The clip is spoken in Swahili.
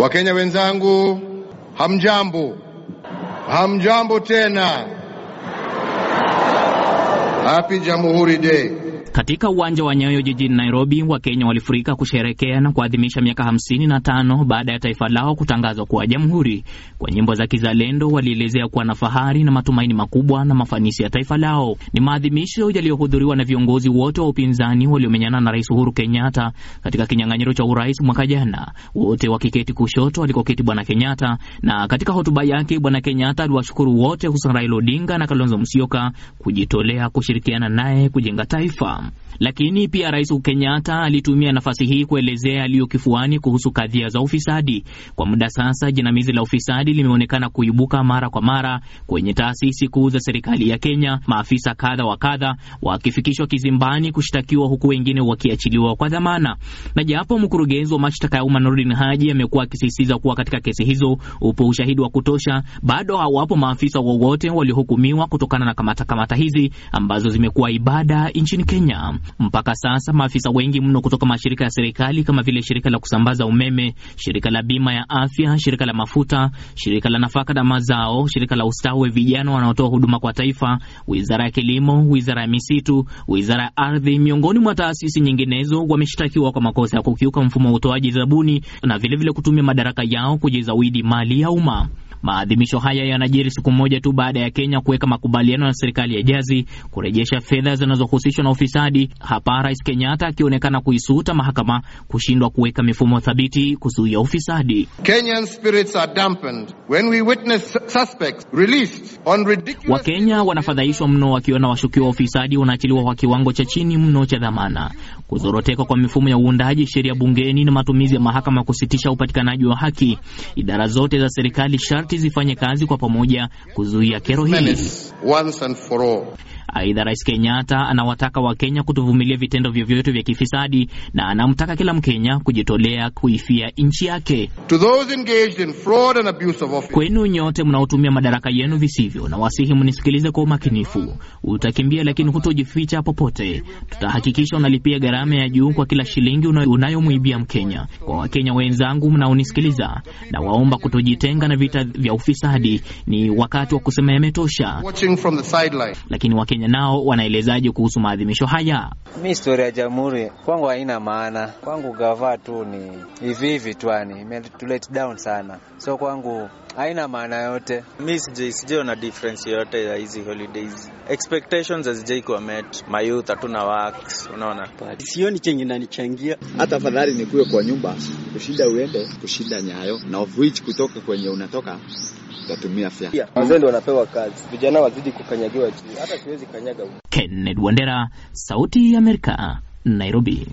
Wakenya wenzangu, hamjambo, hamjambo tena. Happy Jamhuri Day. Katika uwanja wa Nyayo jijini Nairobi, Wakenya walifurika kusherekea na kuadhimisha miaka 55 baada ya taifa lao kutangazwa kuwa jamhuri. Kwa nyimbo za kizalendo, walielezea kuwa na fahari na matumaini makubwa na mafanisi ya taifa lao. Ni maadhimisho yaliyohudhuriwa na viongozi wote wa upinzani waliomenyana na Rais Uhuru Kenyatta katika kinyang'anyiro cha urais mwaka jana, wote wakiketi kushoto alikoketi Bwana Kenyatta. Na katika hotuba yake, Bwana Kenyatta aliwashukuru wote, hususan Raila Odinga na Kalonzo Musyoka kujitolea kushirikiana naye kujenga taifa. Lakini pia Rais Kenyatta alitumia nafasi hii kuelezea aliyo kifuani kuhusu kadhia za ufisadi. Kwa muda sasa, jinamizi la ufisadi limeonekana kuibuka mara kwa mara kwenye taasisi kuu za serikali ya Kenya, maafisa kadha wa kadha wakifikishwa kizimbani kushtakiwa, huku wengine wakiachiliwa kwa dhamana. Na japo mkurugenzi wa mashtaka ya umma Nordin Haji amekuwa akisisitiza kuwa katika kesi hizo upo ushahidi wa kutosha, bado hawapo maafisa wowote waliohukumiwa kutokana na kamatakamata kamata hizi ambazo zimekuwa ibada nchini Kenya. Kenya. Mpaka sasa maafisa wengi mno kutoka mashirika ya serikali kama vile shirika la kusambaza umeme, shirika la bima ya afya, shirika la mafuta, shirika la nafaka na mazao, shirika la ustawi vijana wanaotoa huduma kwa taifa, wizara ya kilimo, wizara ya misitu, wizara ya ardhi, miongoni mwa taasisi nyinginezo, wameshtakiwa kwa makosa ya kukiuka mfumo wa utoaji zabuni na vilevile vile kutumia madaraka yao kujizawidi mali ya umma. Maadhimisho haya yanajiri siku moja tu baada ya Kenya kuweka makubaliano na serikali ya jazi kurejesha fedha zinazohusishwa na ofisa ufisadi, hapa Rais Kenyatta akionekana kuisuta mahakama kushindwa kuweka mifumo thabiti kuzuia ufisadi. Wakenya wanafadhaishwa mno wakiona washukiwa wa ufisadi wanaachiliwa kwa kiwango cha chini mno cha dhamana. Kuzoroteka kwa mifumo ya uundaji sheria bungeni na matumizi ya mahakama kusitisha upatikanaji wa haki. Idara zote za serikali sharti zifanye kazi kwa pamoja kuzuia kero hili. Aidha, Rais Kenyatta anawataka Wakenya kutovumilia vitendo vyovyote vya kifisadi na anamtaka kila Mkenya kujitolea kuifia nchi yake. To those engaged in fraud and abuse of office. Kwenu nyote mnaotumia madaraka yenu visivyo, na wasihi mnisikilize kwa umakinifu. Utakimbia lakini hutojificha popote. Tutahakikisha unalipia gharama ya juu kwa kila shilingi unayomwibia Mkenya. Kwa Wakenya wenzangu mnaonisikiliza, na waomba kutojitenga na vita vya ufisadi. Ni wakati wa kusema yametosha, lakini Wakenya Wakenya nao wanaelezaje kuhusu maadhimisho haya? Mi historia ya jamhuri kwangu haina maana, kwangu gavaa tu ni hivi hivi twani, imetulet down sana, so kwangu haina maana yote. Mi sijaiona difference yote ya hizi holidays, expectations hazijai kuwa met. My youth hatuna works, unaona, sioni chenye nanichangia. Hata afadhali nikuwe kwa nyumba kushinda uende kushinda Nyayo na of which kutoka kwenye unatoka tutatumia fedha. Wazee ndio wanapewa kazi, vijana wazidi kukanyagiwa chini, hata siwezi kanyaga. Kenneth Wandera, Sauti ya Amerika, Nairobi.